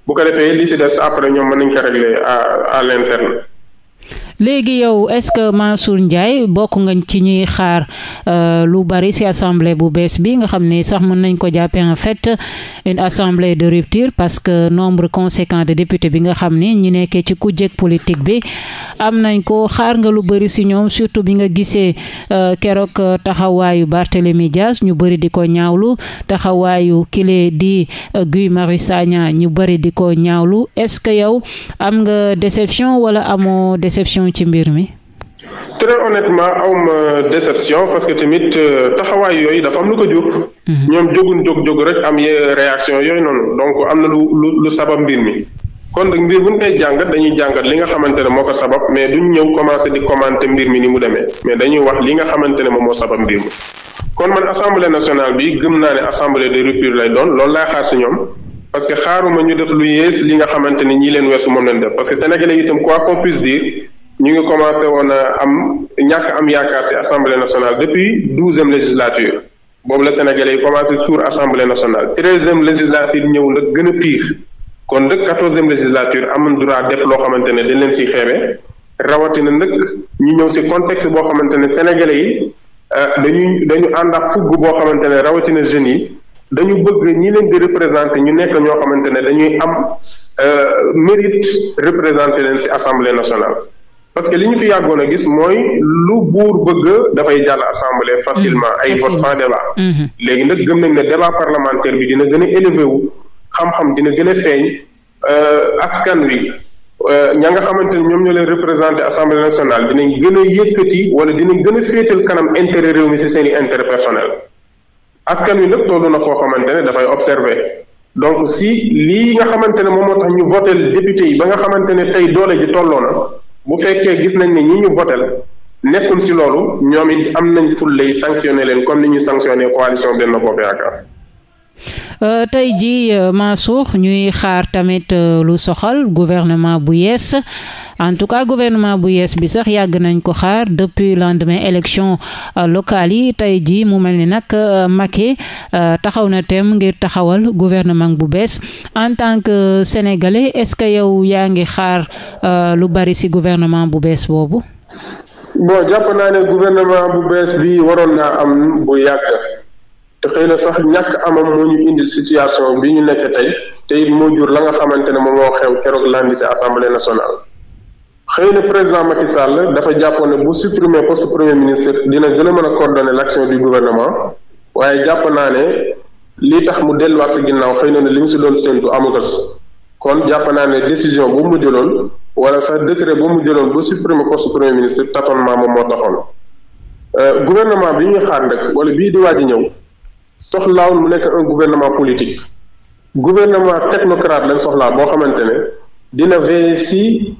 bu ko defee li si des ñoom mën nañ ko régler à à l'interne léegi yow est-ce que Mansour Ndiaye bokk nga ci ñuy xaar euh, lu bari ci assemblée bu bees bi nga xam ne sax mën nañ ko jàppee en fait une assemblée de rupture parce que nombre conséquent de députés bi nga xam ni ñu nekkee ci ku jëkk politique bi am nañ ko xaar nga lu bari si ñoom surtout bi nga gisee euh, keroog euh, taxawaayu Barthélémy Dias ñu bari di ko ñaawlu taxawaayu kile di Guy Marius Sagna ñu bari di ko ñaawlu est-ce que yow am nga déception wala amoo déception déception ci mbir mi. très honnêtement awma déception parce que tamit euh, taxawaay yooyu dafa am lu ko jur. Mhm. ñoom jógun jóg-jóg rek am yee réaction yooyu noonu donc am na lu lu lu sabab mbir mi kon nag mbir bu ñu koy jàngat li nga xamante ne moo ko sabab mais duñ ñëw commencé di mi ni mu demee mais dañuy wax li nga xamante ne moom moo sabab mbir mi. kon man assemblée nationale bi gëm naa ne assemblée de rupture lay doon loolu laay xaar si ñoom parce que xaaruma ñu def lu yées li nga xamante ne ñii leen weesu moom leen def parce que sénégalais itam quoi ñu ngi commencé woon a am ñàkk am yaakaar ci assemblée nationale depuis douzième législature boobu la sénégale yi commencé suur assemblée nationale treizième législature ñëw la gën a pire kon nag quatorzième législature amoon droit def loo xamante ne di leen ci xeebe rawatina nag ñu ñëw ci contexte boo xamante ne sénégalais yi euh, dañuy dañu ànd ak fugg boo xamante ne rawatina jeunes yi dañu bëgg ñi leen di représenter ñu nekk ñoo xamante ne dañuy am euh, mérite représenter leen ci assemblée nationale. parce que li ñu fi yàggoon a gis mooy lu buur bëgg dafay jàll assemblée mm. facilement ay vote sans débat mm-hmm. léegi nag gëm nañ ne débat parlementaire bi dina gën a élevé wu xam-xam dina gën a feeñ euh, askan wi euh, ña nga xamante ni ñoom ñoo leen représenté assemblée nationale dinañ gën a yëkkati wala dinañ gën a féetal kanam intérêt réew mi ci seen i intérêt personnel askan wi nag tollu na foo xamante ne dafay observé donc si lii nga xamante ne moom moo tax ñu votel député yi ba nga xamante ne tey doole ji tolloo na bu fekkee gis nañ ni ñi ñu voté la nekkul ci loolu ñoom it am nañ fullay sanctionné leen comme ni ñu sanctionné coalition Benno Bokk Yaakaar Euh, tey ji euh, Mansour ñuy xaar tamit euh, lu soxal gouvernement bu yees en tout cas gouvernement bu yees bi sax yàgg nañ ko xaar depuis lendemain élection locale yi tey ji mu mel ni nag Macky taxaw na tem ngir taxawal gouvernement bu bees en tant que sénégalais est-ce que yow yaa ngi xaar lu bari ci gouvernement bu bees boobu jàpp naa ne gouvernement bu bees bi waroon naa am bu yàgg te xëy na sax ñàkk amam moo ñu indi situation bi ñu nekk tey te it moo jur la nga xamante ne moom moo xew keroog lundi ci assemblée nationale. xëy na président Macky Sall dafa jàppoon ne bu supprimer poste premier ministre dina gën a mën a coordonner l'action du gouvernement waaye jàpp naa ne lii tax mu delluwaat si ginnaaw xëy na ne li mu si doon séntu amu ko si kon jàpp naa ne décision bu mu jëloon wala sax décret bu mu jëloon ba supprimer poste premier ministre tâtonnement moom moo taxoon euh, gouvernement bi ñuy xaar nag wala bii di waaj ñëw. soxlaawul mu nekk un gouvernement politique gouvernement technocrate lañ soxlaa boo xamante ne dina veiller si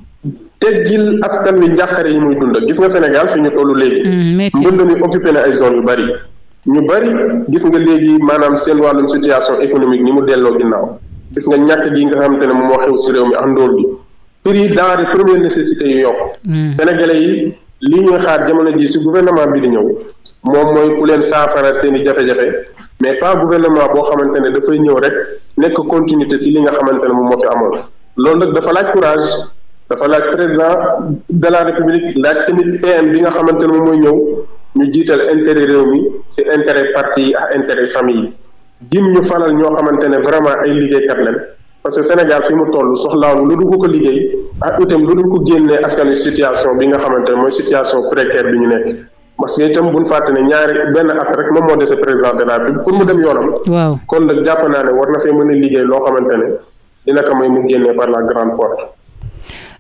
teggil askan wi njàqare yi muy dund gis nga Sénégal fi ñu toll léegi. Mm, mbënd mi occupé na ay zones yu bari. ñu bari gis nga léegi maanaam seen wàllum situation économique ni mu delloo ginnaaw gis nga ñàkk gi nga xamante ne moom moo xew si réew mi ak ndóol bi prix denrées première nécessité yu yokk. Mm. Sénégalais yi li ñuy xaar jamono ji si gouvernement bi di ñëw moom mooy ku leen saafara seen i jafe-jafe mais pas gouvernement boo xamante ne dafay ñëw rek nekk continuité si li nga xamante ne moom moo fi amoon loolu nag dafa laaj courage dafa laaj président de la république laaj tamit PM bi nga xamante ne moom mooy ñëw ñu jiital intérêt réew mi si intérêt parti yi ak intérêt famille yi ñu falal ñoo xamante ne vraiment ay liggéeykat lañ parce que Sénégal fi mu toll soxlaawu lu dul ko ko liggéey ak itam lu dul ko génnee askan wi situation bi nga xamante ne mooy situation précaire bi ñu nekk parce que itam bu ñu fàtte ne ñaari benn at rek moom moo dese président de la République pour mu dem yoonam. waaw kon nag jàpp naa ne war na fee mën a liggéey loo xamante ne dina ko may mu génne par la grande porte.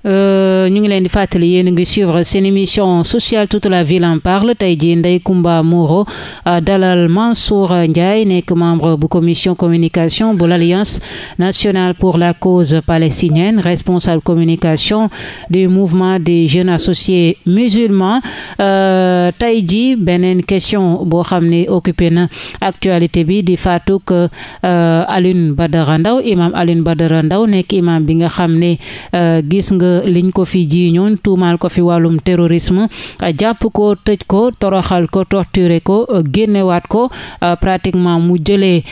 Euh, ñu ngi leen di fàttali yéen a ngi suivre seen émission sociale toute la ville en parle tey jii Ndeye Comba Moreau euh, dalal Mansour Ndiaye nekk membre bu commission communication bu l'Alliance nationale pour la cause palestinienne responsable communication du mouvement des jeunes associés musulmans euh, tey jii beneen question boo xam ne occupé na actualité bi di faatuk Alioune Badara Ndao imam Alioune Badara Ndao nekk imam bi nga xam ne gis nga liñ ko fi jiiñoon tuumaal ko fi wàllum terrorisme jàpp ko tëj ko toroxal ko torturer ko génnewaat ko pratiquement mu jëlee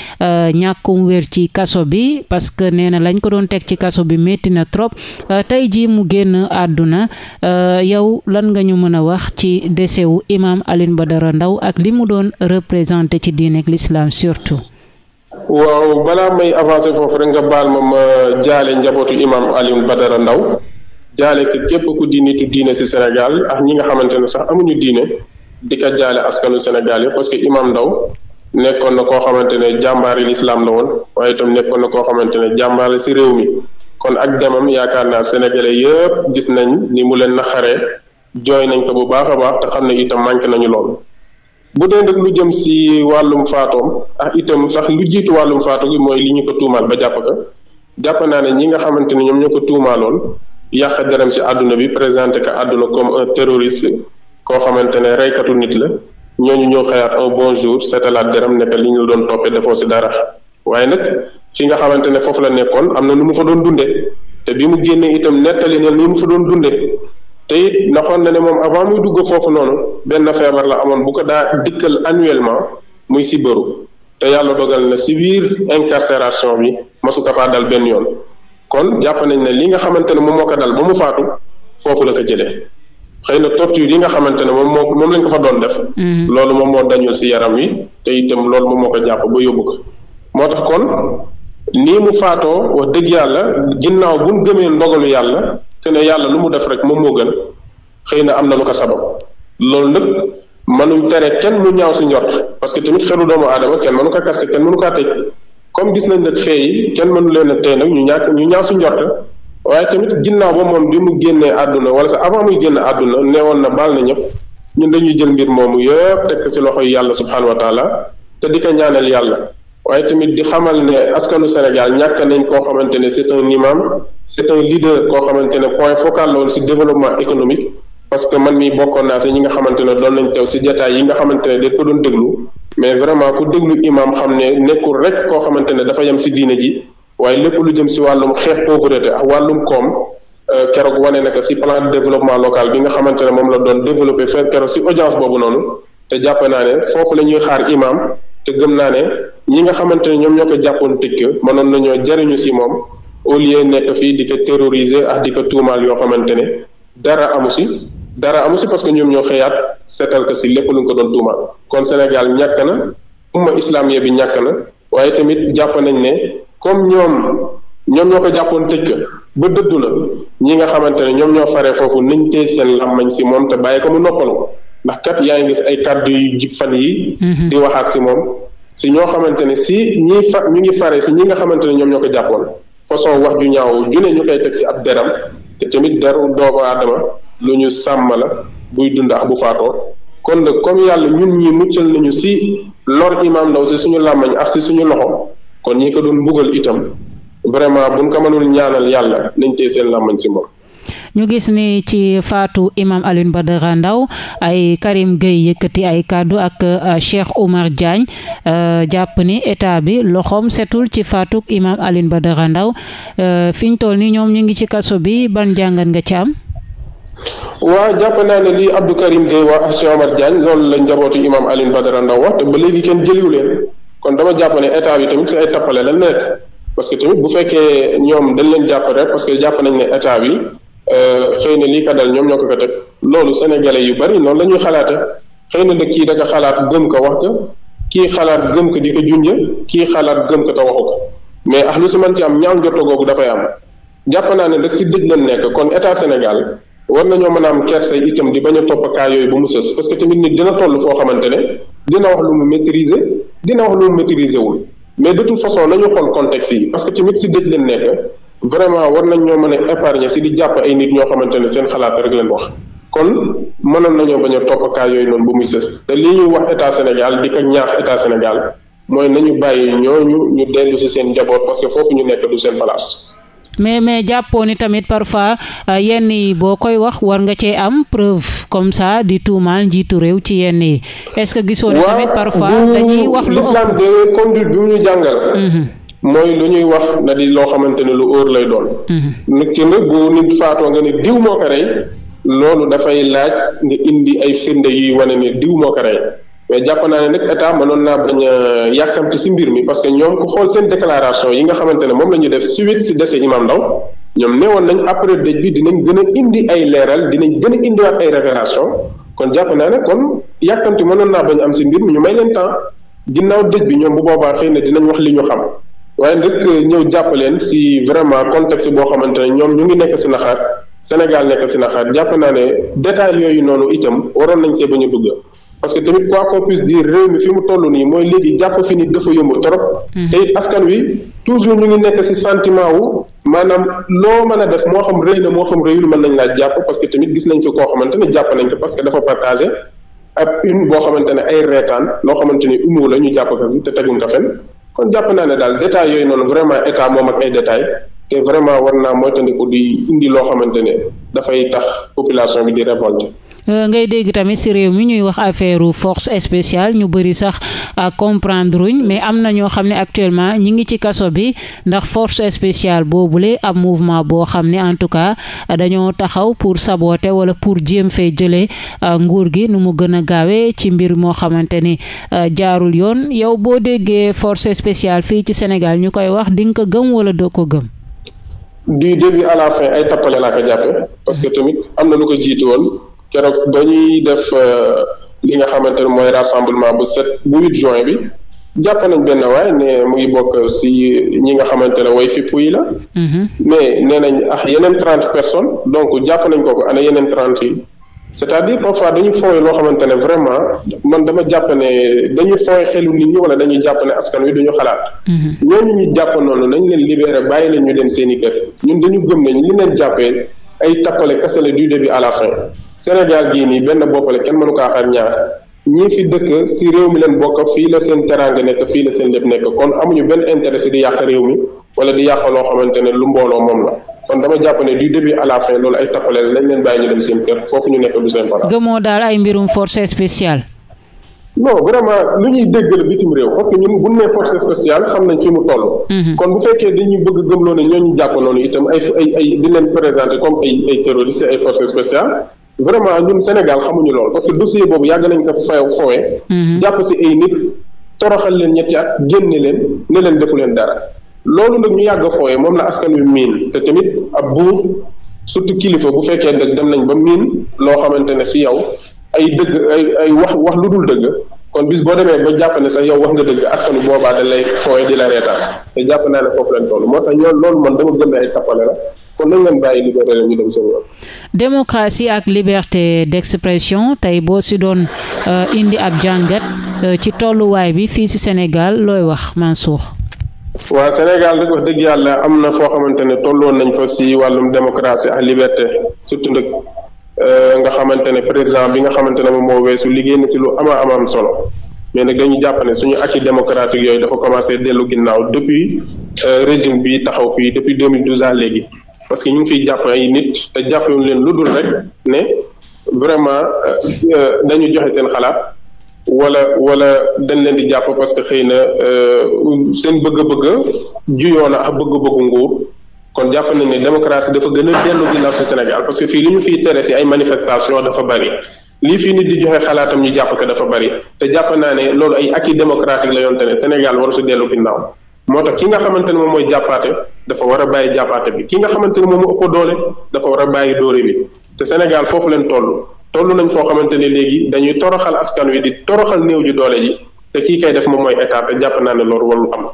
ñàkkum wér ci kaso bi parce que nee na lañ ko doon teg ci kaso bi métti na trop tey jii mu génn àdduna yow lan nga ñu mën a wax ci décès wu imam Alioune Badara ndaw ak li mu doon représenter ci diine ak l'islam surtout waaw balaa may avancé foofu rek nga baal ma ma jaale njabootu imam Alioune Badara Ndao jaale ko képp ku di nitu diine si Sénégal ak ñi nga xamante ne sax amuñu diine di ko jaale askanu Sénégal yi parce que Imam Ndao nekkoon na koo xamante ne jàmbaari lislaam la woon waaye itam nekkoon na koo xamante ne jàmbaare si réew mi kon ak demam yaakaar naa sénégalais yëpp gis nañ ni mu leen naxaree jooy nañ ko bu baax a baax te xam ne itam manqué nañu lool. bu dee nag lu jëm si wàllum faatoom ax itam sax lu jiitu wàllum faatu gi mooy li ñu ko tuumaal ba jàpp ko jàpp naa ne ñi nga xamante ne ñoom ñu ko tuumaaloon yàq deram ci àdduna bi présenté que àdduna comme un terroriste koo xamante ne reykatu nit la ñooñu ñoo xëyaat un bon jour seetalaat deram nekk li ñu doon toppee defoo ci dara waaye nag fi nga xamante ne foofu la nekkoon am na nu mu fa doon dundee te bi mu génnee itam nettali ne ni mu fa doon dundee te it naxoon na ne moom avant muy dugg foofu noonu benn feebar la amoon bu ko daa dikkal annuellement muy sibaru te yàlla dogal na ci biir incarcération bi masu ko faa benn yoon. kon jàpp nañ ne li nga xamante ne moom moo ko dal ba mu faatu foofu la ko jëlee xëy na torture yi nga xamante ne moom moo moom lañ ko fa doon def. Mm-hmm. loolu moom moo dañul si yaram wi te itam loolu moom moo ko jàpp ba yóbbu ko moo tax kon nii mu faatoo wax dëgg yàlla ginnaaw bu ñu gëmee ndogalu yàlla te ne yàlla lu mu def rek moom moo gën xëy na am na nu ko sabab loolu nag mënuñ tere kenn mu ñaaw ci njort parce que tamit xelu doomu aadama kenn mënu ko kaste kenn mënu kaa tëj. comme gis nañ ne fee yi kenn mënu leen a tey nag ñu ñàkk ñu ñaaw su njort waaye tamit ginnaaw ba moom bi mu génnee àdduna wala sax avant muy génn àdduna neewoon na baal na ñëpp ñun dañuy jël mbir moomu yëpp teg ci yi yàlla subhaanahu wa taala te di ko ñaanal yàlla waaye tamit di xamal ne askanu Sénégal ñàkk nañ koo xamante ne c'est un imam c'est un koo xamante ne point focal la woon ci développement économique parce que man mi bokkoon naa ci ñi nga ne doon nañ teew ci jataay yi nga xamante ne dañ ko doon déglu mais vraiment ku déglu imam xam ne nekkul rek koo xamante ne dafa yem si diine ji waaye lépp lu jëm si wàllum xeex pauvreté ak wàllum koom euh, keroog wane na que si plan développement local bi nga xamante ne moom la doon développé fekk keroog si audience boobu noonu te jàpp naa ne foofu la ñuy xaar imam te gëm naa ne ñi nga xamante ne ñoom ñoo ko jàppoon tëkk mënoon nañoo jariñu si moom au lieu nekk fii di ko terroriser ak di ko tuumaal yoo xamante ne dara amu si dara amu si parce que ñoom ñoo xëyaat seetal ko si lépp lu ñu ko doon tuuma kon Sénégal ñàkk na umma islamiya bi ñàkk na waaye tamit jàpp nañ ne comme ñoom ñoom ñoo ko jàppoon tëj ko ba dëddu la ñi nga xamante ne ñoom ñoo faree foofu nañ téye seen làmmañ si moom te bàyyi ko mu noppalu ndax kat yaa ngi gis ay kàddu yu jib fan yi mhm. di waxaat si moom si ñoo xamante ne si ñi fa ñu ngi fare si ñi nga xamante ne ñoom ñoo ko jàppoon façon wax ju ñaaw ju ne ñu koy teg si ab deram te tamit deru doomu aadama lu ñu sàmm buy dund ak bu faatoo kon nag comme yàlla ñun ñi muccal nañu si lor imaam ndaw si suñu làmmañ ak si suñu loxo kon ñi ko doon mbugal itam vraiment buñ ko mënul ñaanal yàlla nañ seen làmmañ si moom ñu gis ni ci faatu imam Alioune Badara ndaw ay Karim Gueye yëkkati ay kàddu ak euh, Cheikh Oumar Diagne euh, jàpp ni état bi loxoom setul ci faatuk imam Alioune Badara Ndao euh, fi ñu toll ni ñoom ñu ngi ci kaso bi ban jàngat nga ci am waaw jàpp naa ne lii Abdou Karim Gueye waa Cheikh Omar Diagne loolu la njabootu imam Alioune Badara Ndao wax te ba léegi kenn jëliwu leen kon dama jàpp ne état bi tamit si ay tappale la nekk parce que bu fekkee ñoom dañ leen jàpp rek parce que jàpp nañ ne état bi euh, xëy na lii ko dal ñoom ñoo ko ko teg loolu sénégalais yu bari noonu la ñuy xalaate xëy na nag kii da xalaat gëm ko wax ko kii xalaat gëm ko di ko junj kii xalaat gëm ko te waxu ko mais ax lu si man ci am ñaaw njotto googu dafay am jàpp naa ne rek si dëj lañ nekk kon état Sénégal war nañoo mën a am kersa itam di bañ a topp kaa yooyu bu mu sës parce que tamit nit dina toll foo xamante ne dina wax lu mu maîtriser dina wax lu mu maîtriser wul mais de toute façon nañu xool contexte yi parce que tamit si dëj leen nekk vraiment war nañ ñoo mën a épargner si di jàpp ay nit ñoo xamante ne seen xalaat rek leen wax kon mënoon nañoo bañ a topp kaa yooyu noonu bu muy sës te li ñuy wax état Sénégal di ko ñaax état Sénégal mooy nañu bàyyi ñooñu ñu dellu si seen njaboot parce que ñu nekk du seen place. mais mais jàppoo ni tamit parfois euh, yenn yi boo koy wax war nga cee am preuve comme ça di tuumaal njiitu réew ci yenn yi est-ce que gisoo ni tamit parfois dañuy wax lu l'islam de conduite bi ñu jàngal mm-hmm. mooy lu ñuy wax na di loo xamante ne lu óor lay doon mm-hmm. nit ci nag nit faatoo nga ne diw moo rey loolu dafay laaj nga indi ay firnde yuy wane ne diw moo rey mais jàpp naa ne nag état mënoon naa bañ a yàkkamti si mbir mi parce que ñoom ku xool seen déclaration yi nga xamante ne moom la ñu def suite si dese imam ndaw ñoom neewoon nañ après dëj bi dinañ gën a indi ay leeral dinañ gën a indiwaat ay révélation kon jàpp naa ne kon yàkkamti mënoon naa bañ am si mbir mi ñu may leen temps ginnaaw dëj bi ñoom bu boobaa xëy na dinañ wax li ñu xam waaye nag ñëw jàpp leen si vraiment contexte boo xamante ne ñoom ñu ngi nekk si naxaat Sénégal nekk si naxaat jàpp naa ne détail yooyu noonu itam waroon nañ see bañ a dugg parce que tamit quoi qu'on puisse dire réew mi fi mu toll nii mooy léegi jàpp fi nit dafa yomb trop. Hmm. te it askan wi toujours ñu ngi nekk ci sentiment wu maanaam loo man a def moo xam rëy na moo xam rëyul mën nañ laa jàpp parce que gis nañ koo xamante ne jàpp nañ parce que dafa partagé ab xamante ne ay reetaan loo xamante ni umu la ñu jàpp ko ci te teguñ ko fen kon jàpp naa ne daal détails yooyu noonu vraiment état moom ak ay détails te vraiment war naa moytandiku di indi loo xamante ne dafay tax population bi di révolter. Euh, ngay dégg tamit si réew mi ñuy wax affaire force spéciale ñu bëri sax comprendre ruñ mais am na ñoo xam ne actuellement ñi ngi ci kaso bi ndax force spéciale boobule ab mouvement boo xam ne en tout cas dañoo taxaw pour saboter wala pour jéem fee jëlee euh, nguur gi nu mu gën a gaawee ci mbir moo xamante ni euh, jaarul yoon yow boo déggee force spéciale fii ci Sénégal ñu koy wax di ko gëm wala doo ko gëm. du début à ay tappale laa ko jàppe parce que keroog dañuy def euh, li nga xamante ne mooy rassemblement bu sept bu huit juin bi jàpp nañ benn waaye ne mu ngi bokk si ñi nga xamante ne way fippu yi la. Mm-hmm. mais nee nañ ah yeneen trente personnes donc jàpp nañ ko ko ana yeneen trente yi. c'est-à-dire parfois dañu fooy loo xamante ne vraiment man dama jàpp ne dañu fooy xelu nit ñi wala dañuy jàpp ne askan wi duñu xalaat. Mm-hmm. ñooñu ñu jàpp noonu nañ leen libéré bàyyi leen ñu dem seen i kër ñun dañu gëm ne li leen ay tappale kese la du début Sénégal gii nii benn boppale kenn mënu kaa xar ñaar ñii fi dëkk si réew mi leen bokk fii la seen teraanga nekk fii la seen lépp nekk kon amuñu benn intérêt si di yàq réew mi wala di yàq loo xamante ne lu mbooloo moom la kon dama jàpp ne du début à loolu ay tappale lañ leen bàyyi ñu dem seen kër foofu ñu nekk du seen. gëmoo daal ay mbirum force spéciale. non vraiment lu ñuy dégg la bitim réew parce que ñun bu nee force spéciale xam nañ fi mu toll. Mhm. kon bu fekkee dañuy bëgg gëmloo ne ñooñu jàpp noonu itam ay ay ay di leen présenter comme ay ay terroristes ay forces spéciales. vraiment ñun Sénégal xamuñu lool parce que dossier boobu yàgg nañ ko faw xowee mhm. jàpp si ay nit toroxal leen ñetti at génne leen ne leen defu leen dara loolu nag ñu yàgg a fooyee moom la askan wi miin te tamit ab buur surtout kilifa bu fekkee dem nañ ba miin loo xamante ne si yow ay dëgg ay wax wax lu dul dëgg kon bis boo demee ba jàpp ne sax yow wax nga dëgg askanu boobaa dañ lay fooy di la reetaan te jàpp naa ne foofu lañ toll loolu man dama gën ay tappale kon nañ la ñu dem seen yoon. ak liberté d'expression tey boo si doon euh, indi ab jàngat euh, ci tolluwaay bi fii si senegal looy wax Mansour. waaw Sénégal rek wax dëgg yàlla am na foo xamante ne tolloon nañ fa si wàllum démocratie ak liberté surtout nag. Euh, nga xamante ne président bi nga xamante ne moom moo weesu liggéey na si lu amaa amaam solo mais nag dañu jàpp ne suñu acquis démocratique yooyu dafa commencé dellu ginnaaw depuis euh, régime bi taxaw fii depuis 2012 à léegi parce que ñu ngi fiy jàpp ay nit te jàppewuñu leen lu dul rek ne vraiment euh, dañu joxe seen xalaat wala wala dañ leen di jàpp parce que xëy na seen bëgg-bëgg juyoona ak bëgg-bëggu nguur. kon jàpp na ne démocratie dafa gën a dellu ginnaaw si Sénégal parce que fii li ñu fiy tere si ay manifestation dafa bari lii fii nit di joxe xalaatam ñu jàpp ko dafa bari te jàpp naa ne loolu ay acquis démocratique la yoon te Sénégal waru si dellu ginnaaw moo tax ki nga xamante ne moom mooy jàppaate dafa war a bàyyi jàppaate bi ki nga xamante ne moom moo ëpp doole dafa war a bàyyi dóore bi te Sénégal foofu leen toll toll nañ foo xamante ne léegi dañuy toroxal askan wi di toroxal néew ji doole ji te kii kay def moom mooy état te jàpp naa ne loolu warul am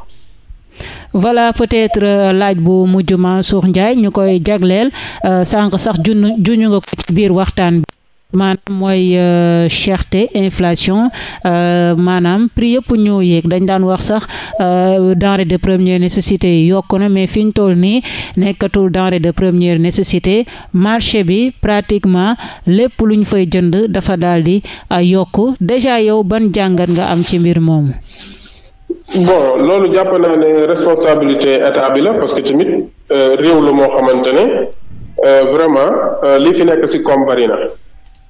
voilà peut-être euh, laaj bu mujj ma Mansour Ndiaye ñu koy jagleel euh, sànq sax junj juñu nga ko ci biir waxtaan bi. maanaam mooy euh, cherté inflation euh, maanaam prix yëpp ñëw yéeg dañ daan wax sax euh, denrée de première nécessité yi yokku na mais fi ñu toll nii nekkatul denrée de première nécessité marché bi pratiquement lépp lu ñu fay jënd dafa daal di euh, yokk déjà yow ban jàngat nga am ci mbir moomu bon loolu jàpp naa ne responsabilité état bi la parce que tamit euh, réew la moo xamante ne euh, vraiment euh, li fi nekk si koom bari na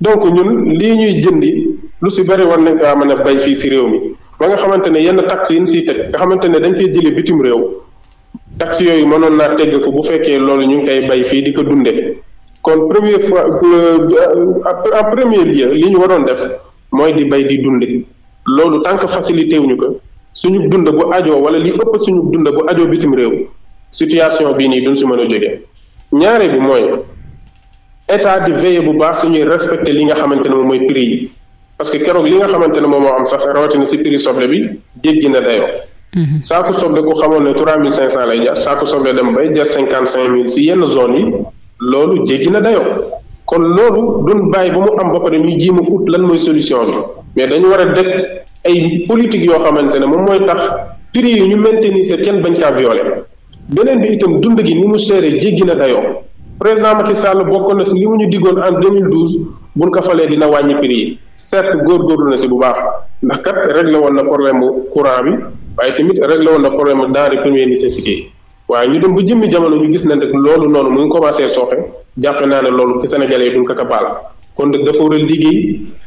donc ñun lii ñuy jëndi lu si bari war nañ kaa mën a bay fii si réew mi ba nga xamante ne yenn taxes yi ñu siy teg nga xamante ne dañ koy jëlee bitim réew taxes yooyu mënoon naa tegg ko bu fekkee loolu ñu ngi koy bay fii di ko dundee kon premier fois en premier lieu li ñu waroon def mooy di bay di dunde loolu tànk que facilité wuñu ko. suñu dund bu ajoo wala li ëpp suñu dund bu ajoo bitim réew situation bii nii duñ si mën a jógee ñaare bi mooy état di veiller bu baax suñuy respecter li nga xamante ne moom mooy prix yi parce que keroog li nga xamante ne moom moo am sax rawatina si prix soble bi jéggi na dayoo. Mhm. saako soble ku xamoon ne trois mille cinq cent lay jar saako soble dem bay jar cinquante cinq mille si yenn zone yi loolu jéggi na dayoo. kon loolu dun bàyyi ba mu am ba pare jii jiima ut lan mooy solution bi mais dañu war a def ay politique yoo xamante ne moom mooy tax prix yi ñu maintenir te kenn bañ kaa violé beneen bi itam dund gi ni mu seere jéggi na dayoo président Macky Sall bokkoon na si li mu ñu diggoon en 2012 buñ ko falee dina wàññi prix yi certes góorlu na si bu baax ndax kat réglé woon na problème mu courant bi waaye tamit réglé woon na problème mu denrées premières waaye ñu dem bu jëmmi jamono ñu gis na nag loolu noonu mu ngi commencé sooxe jàpp naa ne loolu sénégalais yi duñ ko kapaal kon nag dafa war a liggéey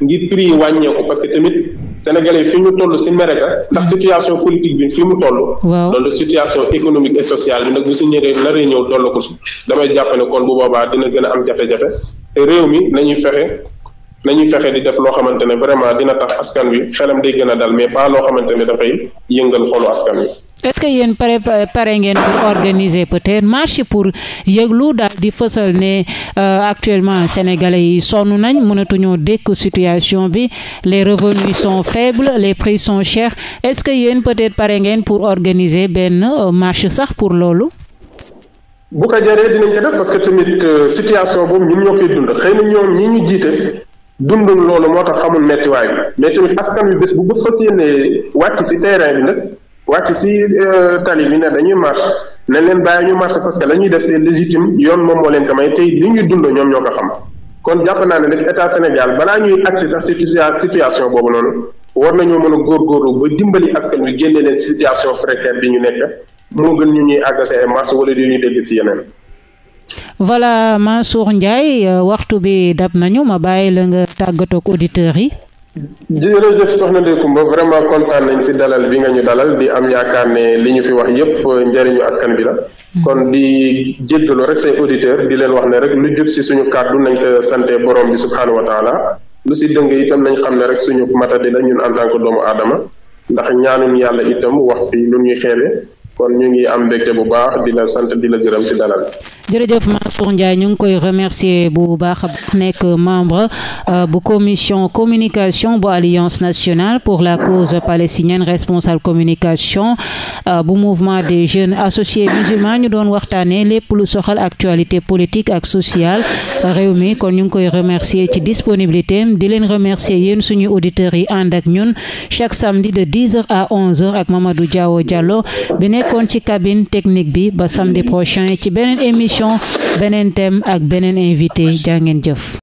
ngir prix yi wàññeeku parce que tamit sénégalais fi ñu toll si mere ndax situation politique bi fi mu toll loolu situation économique et sociale bi nag bu si ñëree naree ñëw toll ko su damay jàpp ne kon bu boobaa dina gën a am jafe-jafe te réew mi nañuy fexe nañuy fexe di def loo xamante vraiment dina tax askan wi xelam day gën dal mais pas loo xamante dafay yëngal xolu askan wi. est-ce que yéen pare pare ngeen pour organiser peut-être marche pour yëglu daal di fësal ne euh, actuellement sénégalais yi sonn nañ mënatuñoo dékk situation bi les revenus sont faibles les prix sont chers est-ce que yéen peut-être pare ngeen pour organiser benn euh, marche sax pour loolu. bu ko jaree dinañ ko def parce que tamit euh, situation boobu ñun ñoo koy dundul loolu moo tax xamul méttiwaay bi mais tamit askan bi bés bu ba fas yéenee wàcc si terrain bi nag wàcc si euh, tali bi ne dañuy marche ne leen bàyyi ñu marche parce que la ñuy def c'est légitime yoon moom moo leen ko may tey li ñuy dund ñoom ñoo ko xam kon jàpp naa ne nag état Sénégal balaa ñuy agsi sax situation boobu noonu war ñoo mën a góorgóorlu ba dimbali askan wi génne leen situation précaire bi ñu nekk moo gën ñu ñuy àgg ay marche wala di ñu dégg si yeneen. voilà Mansour Ndiaye euh, waxtu bi dab nañu ma bàyyi la nga tàggatoog auditeurs yi. jërëjëf soxna Ndeye Comba vraiment kontaan nañ si dalal bi nga ñu dalal di am yaakaar ne li ñu fi wax yépp euh, njëriñu askan bi la. Mm-hmm. kon di jéggalu rek say auditeurs di leen wax ne rek lu jub si suñu kàddu nañ ko sante borom bi subxanahu wa taala lu si dëng itam nañ xam ne rek suñu matadi la ñun en tant doomu aadama ndax ñaanuñ yàlla itam wax fi lu ñuy xeebe. kon ñu ngi am mbégte bu baax di sant di la ci dalal. jërëjëf Mansour ñu ngi koy remercier bu baax nekk membre euh, bu commission communication bu alliance nationale pour la cause palestinienne responsable communication euh, bu mouvement des jeunes associés musulmans ñu doon waxtaanee lépp lu soxal actualité politique ak sociale réew mi kon ñu ngi koy remercie ci disponibilité am di leen remercier yéen suñu auditeurs yi ànd ak ñun chaque samedi de 10 heures à 11 heures ak Mamadou Diawo Diallo kon ci cabine technique bi ba samedi prochain ci beneen émission beneen thème ak beneen invité jaa ngeen jëf